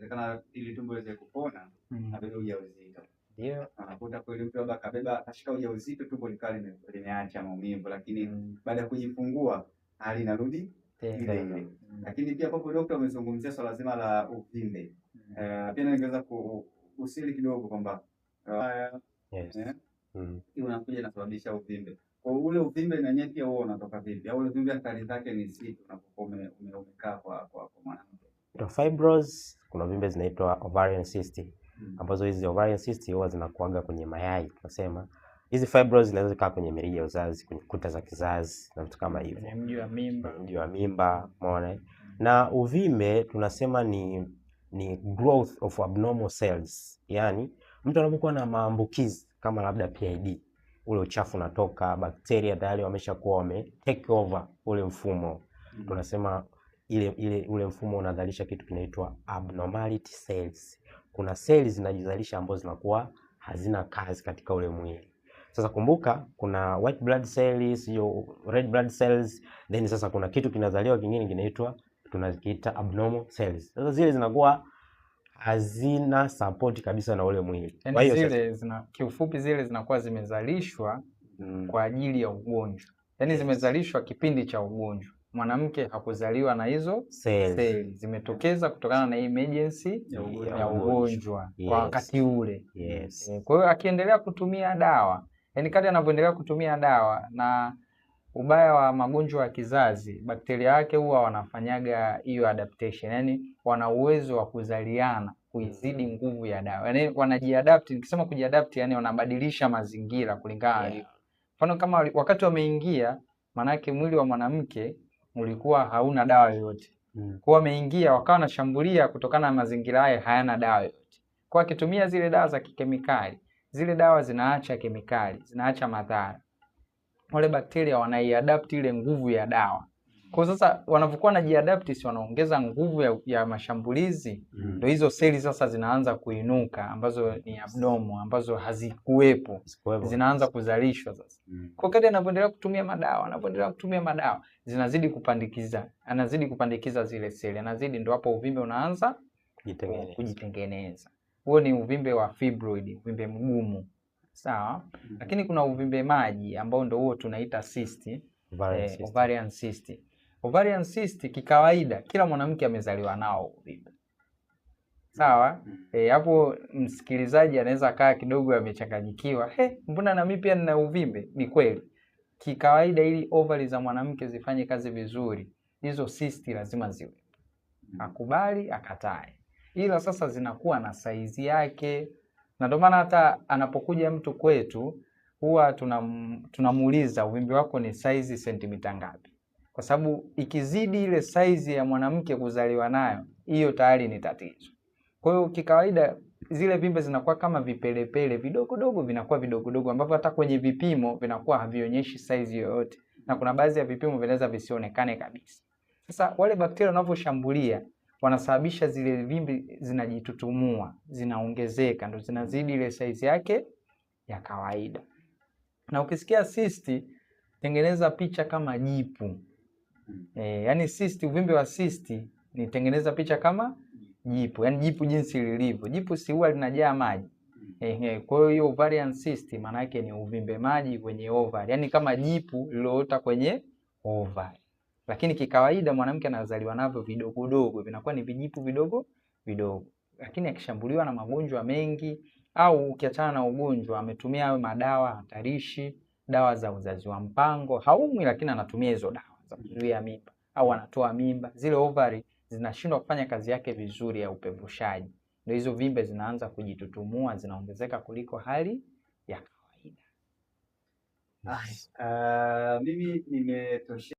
inawezekana ili tumbo iweze kupona mm. abebe ujauzito ndio anakuta kweli mtu labda akabeba akashika ujauzito tumbo likawa limeacha maumivu, lakini mm. baada ya kujifungua hali inarudi ile ile. Hmm. Lakini pia hapo dokta amezungumzia swala zima la uvimbe mm. Uh, eh, pia ningeweza kuusili kidogo kwamba uh, yes. eh, mm. unakuja inasababisha uvimbe kwa ule uvimbe na pia huo unatoka vipi, au ule uvimbe athari zake ni zipi unapokuwa umekaa kwa kwa, kwa mwanamke? kuna uvimbe zinaitwa ovarian cyst hmm. ambazo hizi ovarian cyst huwa zinakuaga kwenye mayai tunasema hizi fibroids zinaweza zikaa kwenye mirija ya uzazi, kwenye kuta za kizazi na vitu kama hivyo, mji wa mimba, mji wa mimba, umeona. Na uvimbe tunasema ni ni growth of abnormal cells, yani mtu anapokuwa na maambukizi kama labda PID, ule uchafu unatoka, bakteria tayari wameshakuwa wame take over ule mfumo, hmm. tunasema ile, ile ule mfumo unazalisha kitu kinaitwa abnormality cells. Kuna cells zinajizalisha ambazo zinakuwa hazina kazi katika ule mwili. Sasa kumbuka kuna white blood cells, hiyo red blood cells, then sasa kuna kitu kinazaliwa kingine kinaitwa tunakiita abnormal cells. Sasa zile zinakuwa hazina support kabisa na ule mwili. Yaani kwa hiyo zile zina kiufupi zile zinakuwa zimezalishwa mm, kwa ajili ya ugonjwa. Yaani zimezalishwa kipindi cha ugonjwa mwanamke hakuzaliwa na hizo seli zimetokeza kutokana na emergency yeah, ya ugonjwa yes. kwa wakati ule yes. E, Kwa hiyo akiendelea kutumia dawa, yani, kadri anavyoendelea kutumia dawa na ubaya wa magonjwa ya kizazi, bakteria wake huwa wanafanyaga hiyo adaptation, yani wana uwezo wa kuzaliana kuizidi mm. nguvu ya dawa, yani wanajiadapt. Nikisema kujiadapt, yani wanabadilisha mazingira kulingana yeah. Mfano kama wakati wameingia, maanake mwili wa mwanamke ulikuwa hauna dawa yoyote mm. kwa wameingia wakawa wanashambulia kutokana na mazingira hayo hayana dawa yoyote, kwa akitumia zile dawa za kikemikali, zile dawa zinaacha kemikali, zinaacha madhara. Wale bakteria wanaiadapti ile nguvu ya dawa kwa sasa wanavyokuwa wanajiadapti, si wanaongeza nguvu ya, ya mashambulizi mm. ndio, mm. hizo seli sasa zinaanza kuinuka ambazo ni abdomo ambazo hazikuwepo zinaanza kuzalishwa sasa, mm. kwa kadri anavyoendelea kutumia madawa, anavyoendelea kutumia madawa zinazidi kupandikiza, anazidi kupandikiza zile seli, anazidi ndio hapo uvimbe unaanza kujitengeneza. Huo ni uvimbe wa fibroid, uvimbe mgumu, sawa, mm. lakini kuna uvimbe maji ambao ndio huo tunaita cyst, ovarian eh, cyst eh, Ovarian cyst kikawaida kila mwanamke amezaliwa nao uvimbe. Sawa? Mm-hmm. Eh, hapo msikilizaji anaweza kaa kidogo amechanganyikiwa. He, mbona na mimi pia nina uvimbe? Ni kweli. Kikawaida ili ovari za mwanamke zifanye kazi vizuri, hizo cyst lazima ziwe. Mm-hmm. Akubali, akatae. Ila sasa zinakuwa na saizi yake. Na ndio maana hata anapokuja mtu kwetu huwa tunamuuliza uvimbe wako ni saizi sentimita ngapi? kwa sababu ikizidi ile saizi ya mwanamke kuzaliwa nayo, hiyo tayari ni tatizo. Kwa hiyo kikawaida zile vimbe zinakuwa kama vipelepele vidogodogo, vinakuwa vidogodogo ambavyo hata kwenye vipimo vinakuwa havionyeshi saizi yoyote, na kuna baadhi ya vipimo vinaweza visionekane kabisa. Sasa wale bakteria wanavyoshambulia wanasababisha zile vimbi zinajitutumua, zinaongezeka, ndo zinazidi ile saizi yake ya kawaida. Na ukisikia sisti, tengeneza picha kama jipu mm. Eh, yani sisti, uvimbe wa ni nitengeneza picha kama jipu, yani jipu jinsi lilivyo. Jipu si huwa linajaa maji mm. eh, kwa hiyo ovarian cyst maana yake ni uvimbe maji kwenye ovari, yani kama jipu liloota kwenye ovari, lakini kikawaida mwanamke anazaliwa navyo vidogodogo, vinakuwa ni vijipu vidogo vidogo, lakini akishambuliwa na magonjwa mengi au ukiachana na ugonjwa, ametumia hayo madawa hatarishi, dawa za uzazi wa mpango, haumwi lakini anatumia hizo dawa za kuzuia mimba au anatoa mimba, zile ovari zinashindwa kufanya kazi yake vizuri ya upevushaji, ndio hizo vimbe zinaanza kujitutumua, zinaongezeka kuliko hali ya kawaida. Yes. Uh, mimi